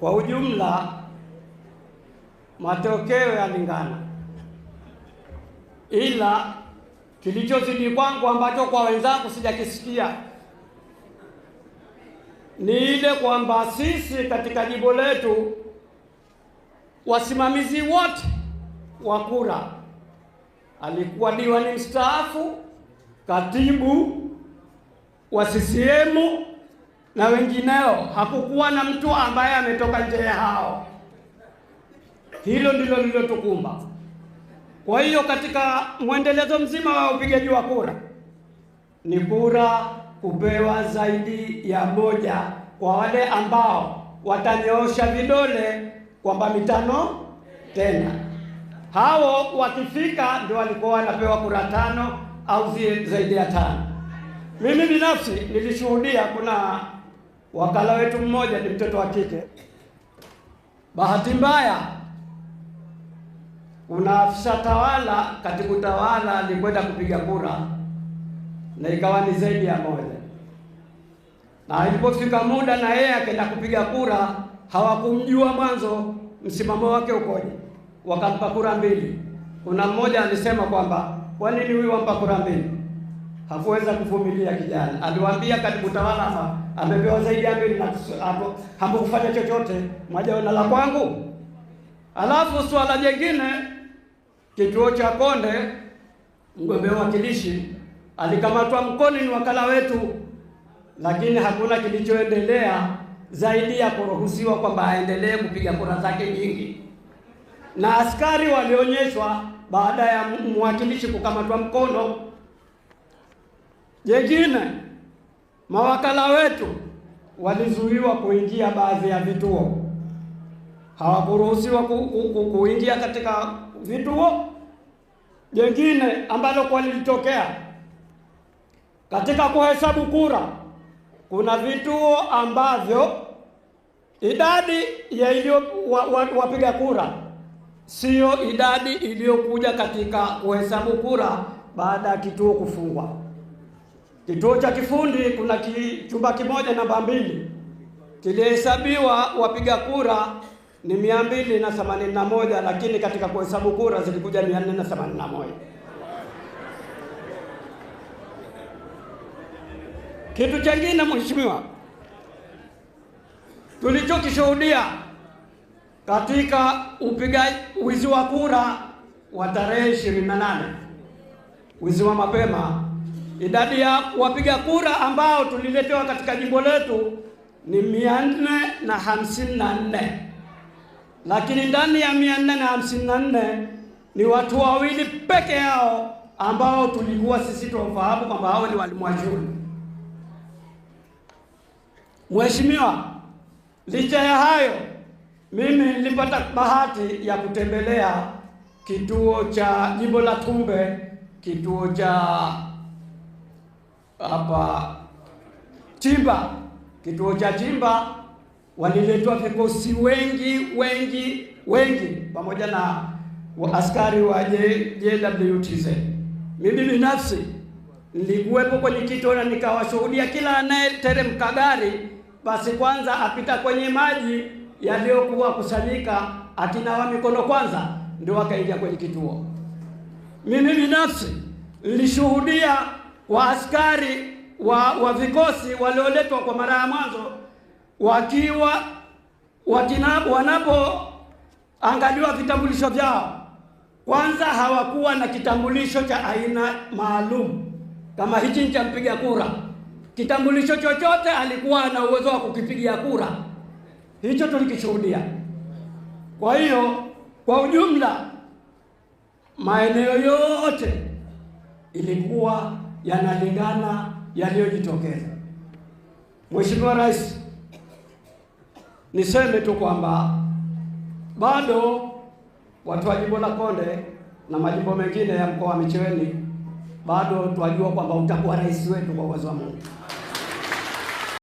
Kwa ujumla matokeo yalingana, ila kilichozidi kwangu ambacho kwa wenzangu sijakisikia ni ile kwamba sisi katika jimbo letu wasimamizi wote wa kura, alikuwa diwani mstaafu, katibu wa CCM na wengineo. Hakukuwa na mtu ambaye ametoka nje ya hao. Hilo ndilo lilotukumba. Kwa hiyo katika mwendelezo mzima wa upigaji wa kura ni kura kupewa zaidi ya moja kwa wale ambao watanyoosha vidole kwamba mitano tena. Hao wakifika ndio walikuwa wanapewa kura tano au zaidi ya tano. Mimi binafsi nilishuhudia kuna Wakala wetu mmoja ni mtoto wa kike. Bahati mbaya, kuna afisa tawala katika tawala alikwenda kupiga kura na ikawa ni zaidi ya moja, na ilipofika muda na yeye akaenda kupiga kura, hawakumjua mwanzo msimamo wake ukoje, wakampa kura mbili. Kuna mmoja alisema kwamba kwa nini huyu wampa kura mbili? hakuweza kuvumilia kijana, aliwaambia katibu tawala hapa amepewa zaidi ya mbili hapo, kufanya chochote, mwajaona la kwangu. Alafu swala jingine, kituo cha Konde, mgombea wakilishi alikamatwa mkoni, ni wakala wetu, lakini hakuna kilichoendelea zaidi ya kuruhusiwa kwamba aendelee kupiga kura zake nyingi, na askari walionyeshwa baada ya mwakilishi kukamatwa mkono Jengine, mawakala wetu walizuiwa kuingia baadhi ya vituo, hawakuruhusiwa kuingia katika vituo. Jengine ambalo kwa lilitokea katika kuhesabu kura, kuna vituo ambavyo idadi ya iliyo wapiga wa, wa kura siyo idadi iliyokuja katika kuhesabu kura baada ya kituo kufungwa. Kituo cha kifundi kuna ki, chumba kimoja namba mbili kilihesabiwa wapiga kura ni 281 lakini katika kuhesabu kura zilikuja moja Kitu chengine mheshimiwa, tulichokishuhudia katika upiga wizi wa kura wa tarehe 28 wizi wa mapema Idadi ya wapiga kura ambao tuliletewa katika jimbo letu ni mia nne na hamsini na nne lakini ndani ya mia nne na hamsini na nne ni watu wawili peke yao ambao tulikuwa sisi tunafahamu kwamba hao ni walimu wa shule. Mheshimiwa, licha ya hayo, mimi nilipata bahati ya kutembelea kituo cha jimbo la Tumbe, kituo cha hapa Chimba, kituo cha Chimba waliletwa vikosi wengi wengi wengi, pamoja na askari wa JWTZ. Mimi binafsi nilikuwepo kwenye kituo na nikawashuhudia kila anayeteremka gari, basi kwanza apita kwenye maji yaliyokuwa kusanyika, akinawa mikono kwanza, ndio akaingia kwenye kituo. Mimi binafsi nilishuhudia wa askari wa, wa vikosi walioletwa kwa mara ya mwanzo wakiwa wanapoangaliwa vitambulisho vyao, kwanza hawakuwa na kitambulisho cha aina maalum kama hichi cha mpiga kura. Kitambulisho chochote alikuwa na uwezo wa kukipigia kura, hicho tulikishuhudia. Kwa hiyo kwa ujumla maeneo yote ilikuwa yanalingana yaliyojitokeza. Mheshimiwa Rais, niseme tu kwamba bado watu wa jimbo la Konde na majimbo mengine ya mkoa wa Micheweni bado twajua kwamba utakuwa rais wetu kwa uwezo wa Mungu.